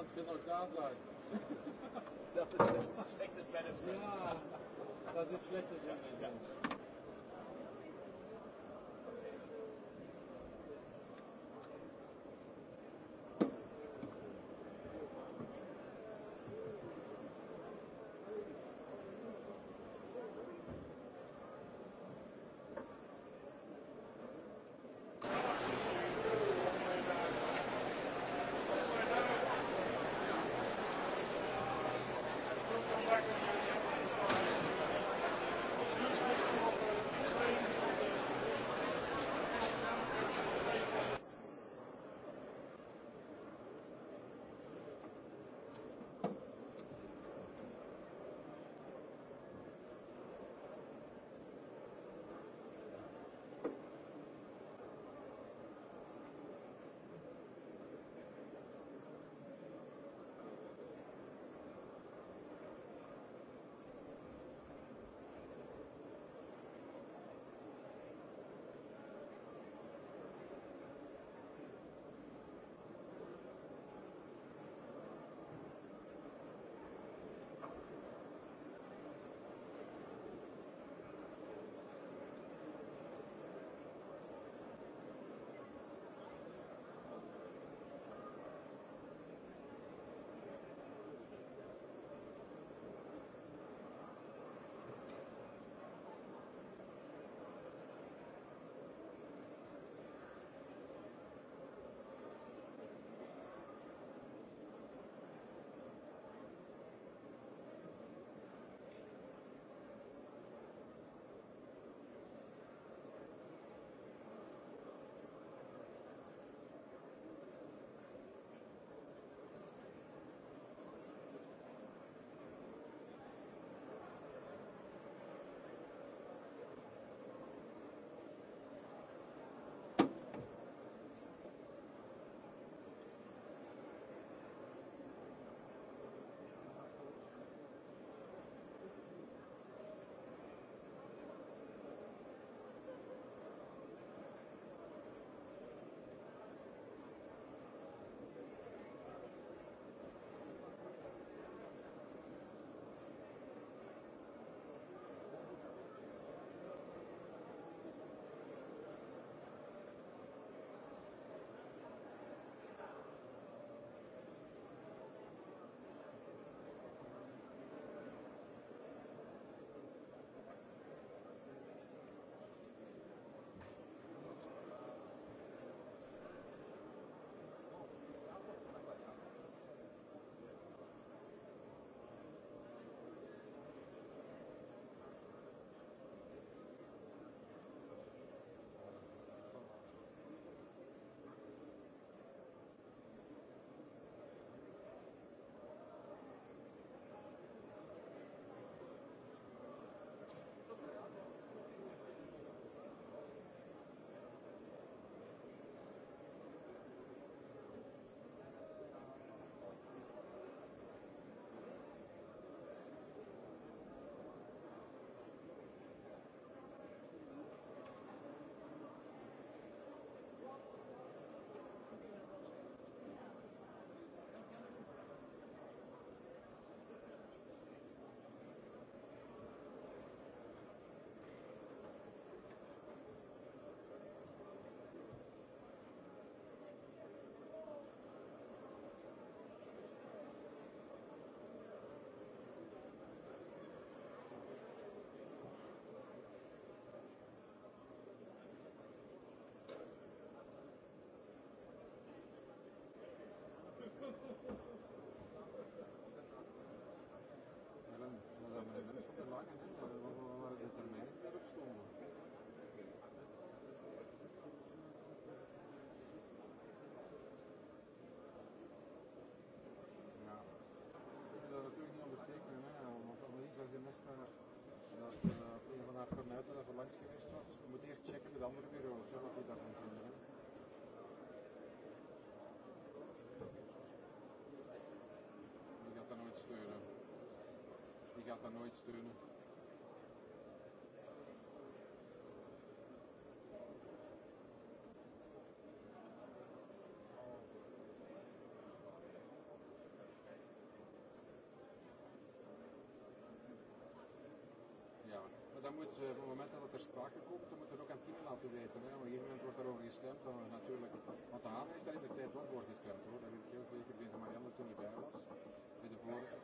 Deutschland, wir da sein. Das ist schlechtes Management. Ja, das ist schlechtes Management. Lamur teda bir olsa vakit akıntı. Die gaat daar nooit steunen. Die gaat nooit steunen. op het moment dat er sprake komt, dan moeten we het ook aan het team laten weten. Hè. Want iemand moment wordt daarover gestemd, dan natuurlijk. Want de Haven heeft daar in de tijd wel voor gestemd hoor, dat weet ik heel zeker. Ik weet Marianne toen niet bij was. Bij de vorige,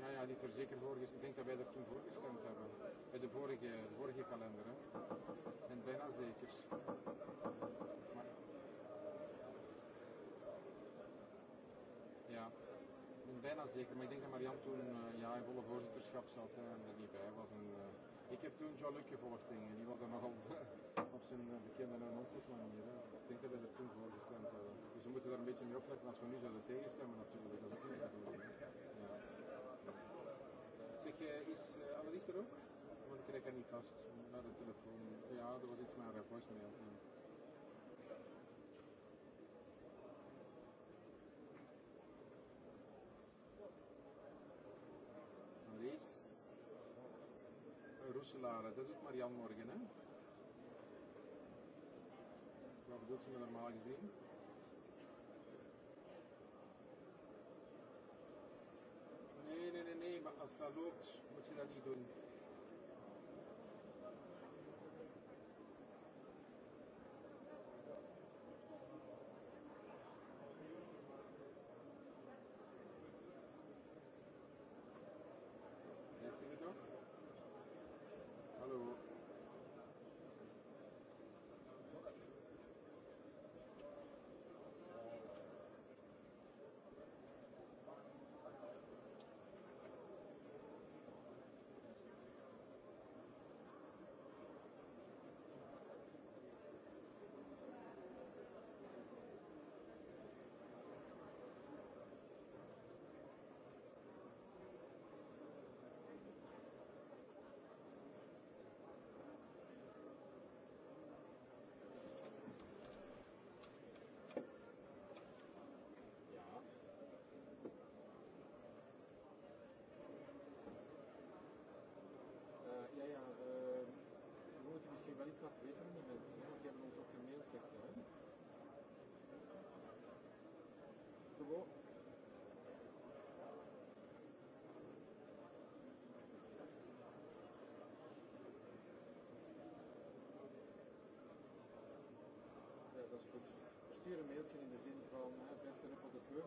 nou ja, niet er zeker voor gestemd. Ik denk dat wij daar toen voor gestemd hebben. Bij de vorige, de vorige kalender. Hè. En bijna zeker. Maar, ja. Ik ben bijna zeker, maar ik denk dat Marianne toen uh, ja, in volle voorzitterschap zat hè, en er niet bij was. En, uh, Ik heb toen Jean Luc gevolgd en die was dan nog op zijn eh, bekende nonsens manier. Ik denk dat we er dat toen voor gestemd hebben. Dus we moeten daar een beetje mee opletten als we nu zouden tegenstemmen natuurlijk. Dat is ook niet bedoeling. Ja. Zeg, eh, is uh, Annelies er ook? Want ik krijg haar niet vast naar de telefoon. Ja, er was iets met haar voicemail. salaren. Dat doet Marian morgen, hè? Wat bedoelt ze me normaal gezien? Nee, nee, nee, nee, maar als dat loopt, moet je dat niet doen. essa feita no vizinho, que é nos documentos aqui. Muito bom. Dat is goed. Stuur een mailtje in de zin van, beste rapporteur,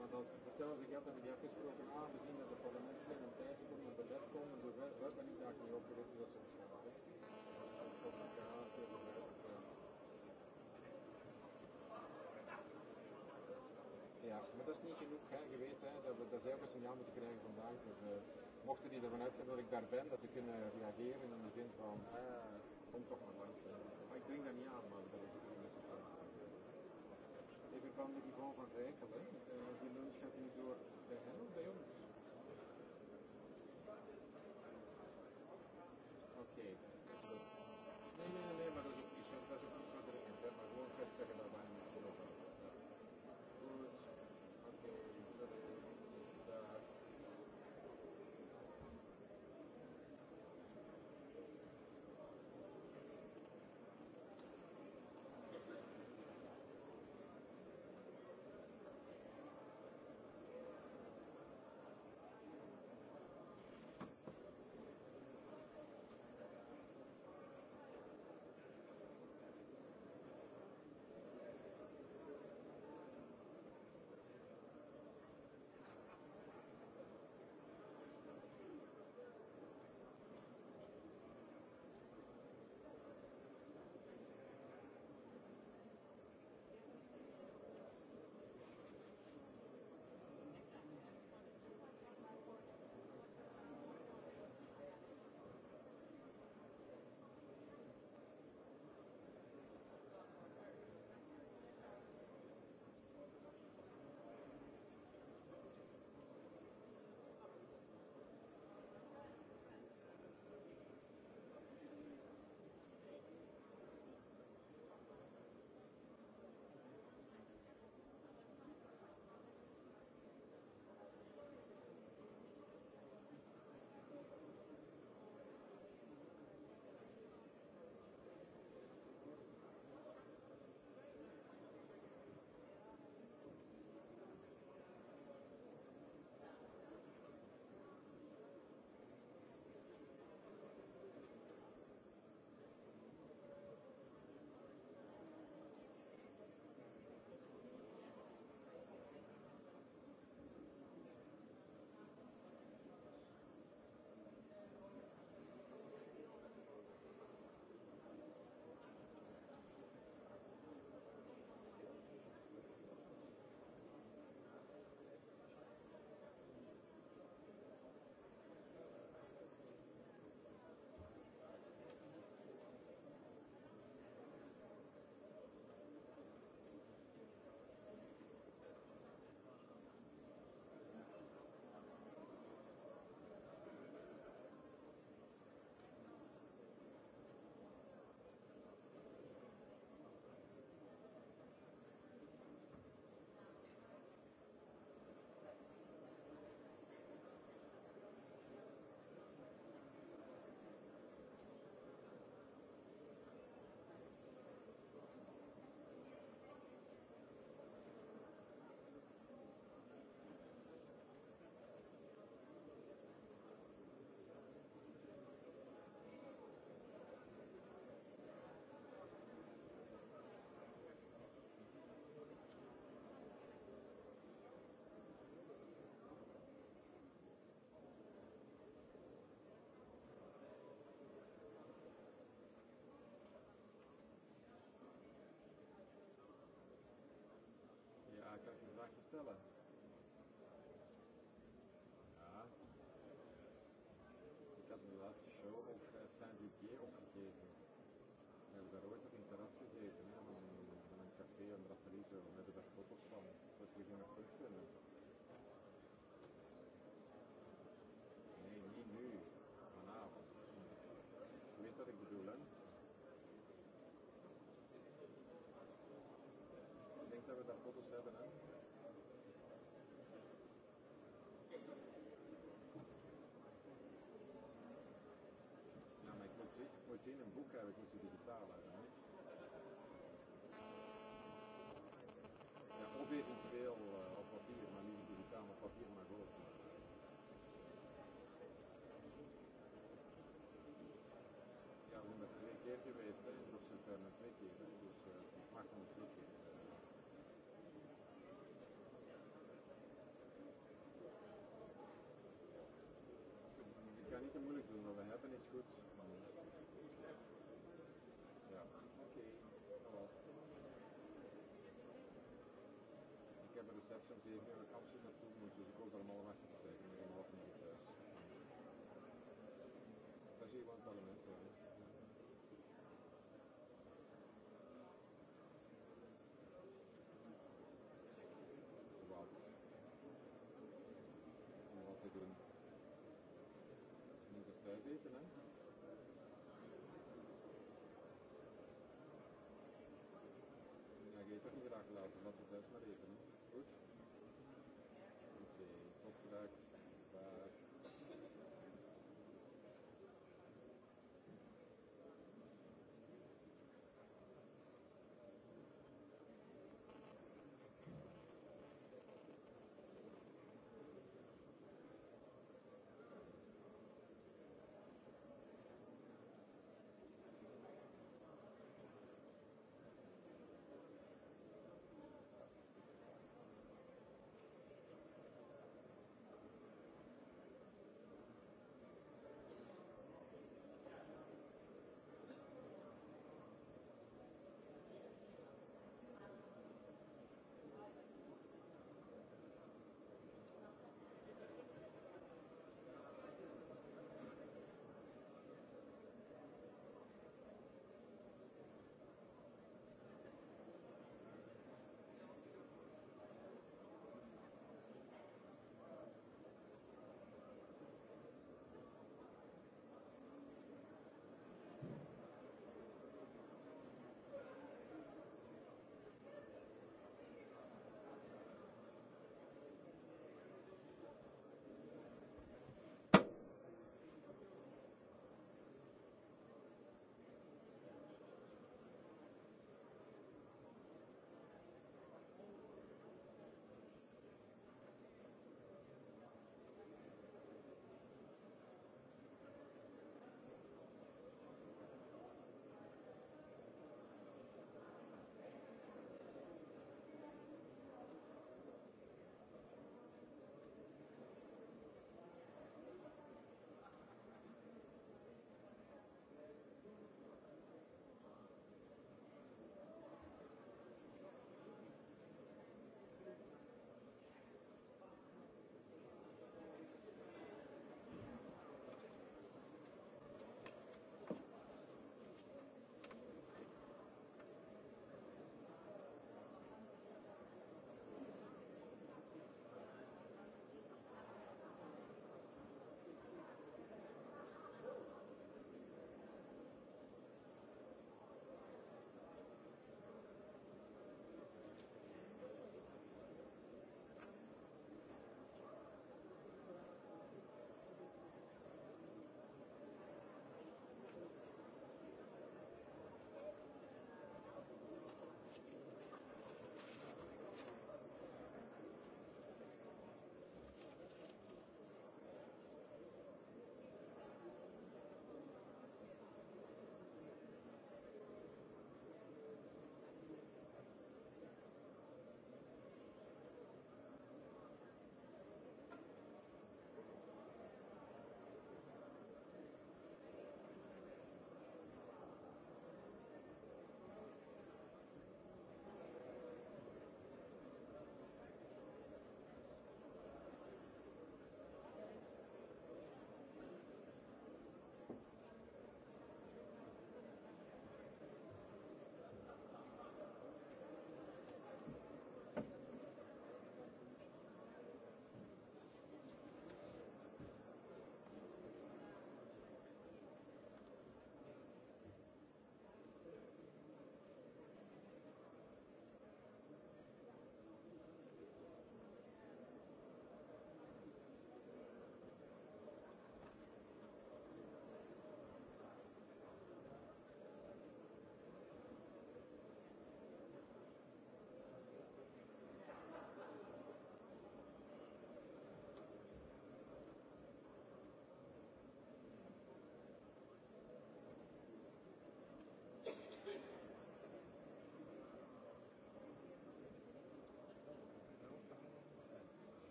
Maar dat, hetzelfde geldt hebben die afgesproken aangezien dat de parlementsleden een tijd seconden op de wet komen, de wet, wet en niet daar niet op dat ze ons is communicatie en Ja, maar dat is niet genoeg. Hè. Je weet hè, dat we daar zelf een signaal moeten krijgen vandaag. Dus uh, mochten die ervan uitgaan dat ik daar ben, dat ze kunnen reageren in de zin van, eh, kom toch maar langs. Maar ik denk dat niet aan, maar dat is kwam met die val van Rijkelen, uh, die lunch hebben we door de Hennel bij ons. الكافيه وكافيه ودرويتك انت راس في زيت انا من كافيه من راس ريشه ونادي بحبوط الصوم se in een boek hebben, niet zo digitaal Ja, of eventueel uh, eh, op papier, maar niet digitaal, papier maar goed. Ja, we er twee keer geweest, hè? of ze verder twee keer, hè? dus uh, eh, ik mag nog twee keer. Ik ga niet te moeilijk doen, maar we hebben iets goed. Ik heb een reception ik naartoe moet, dus ik er hoop dat hem allemaal te tekenen. Ik heb hem thuis. Daar zie je wel een parlement. Hoor. Wat? Om wat te doen. Je er thuis eten, hè? vraag laten wat het is maar even. Goed? Oké, okay, tot straks. Dag.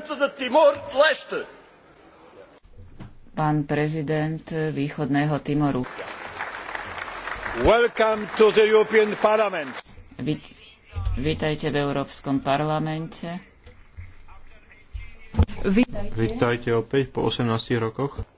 presidente de Timor-Leste. Pán prezident východného Timoru. Welcome to the European Parliament. Vít, vítajte v Európskom parlamente. Vítajte. Vítajte opäť po 18 rokoch.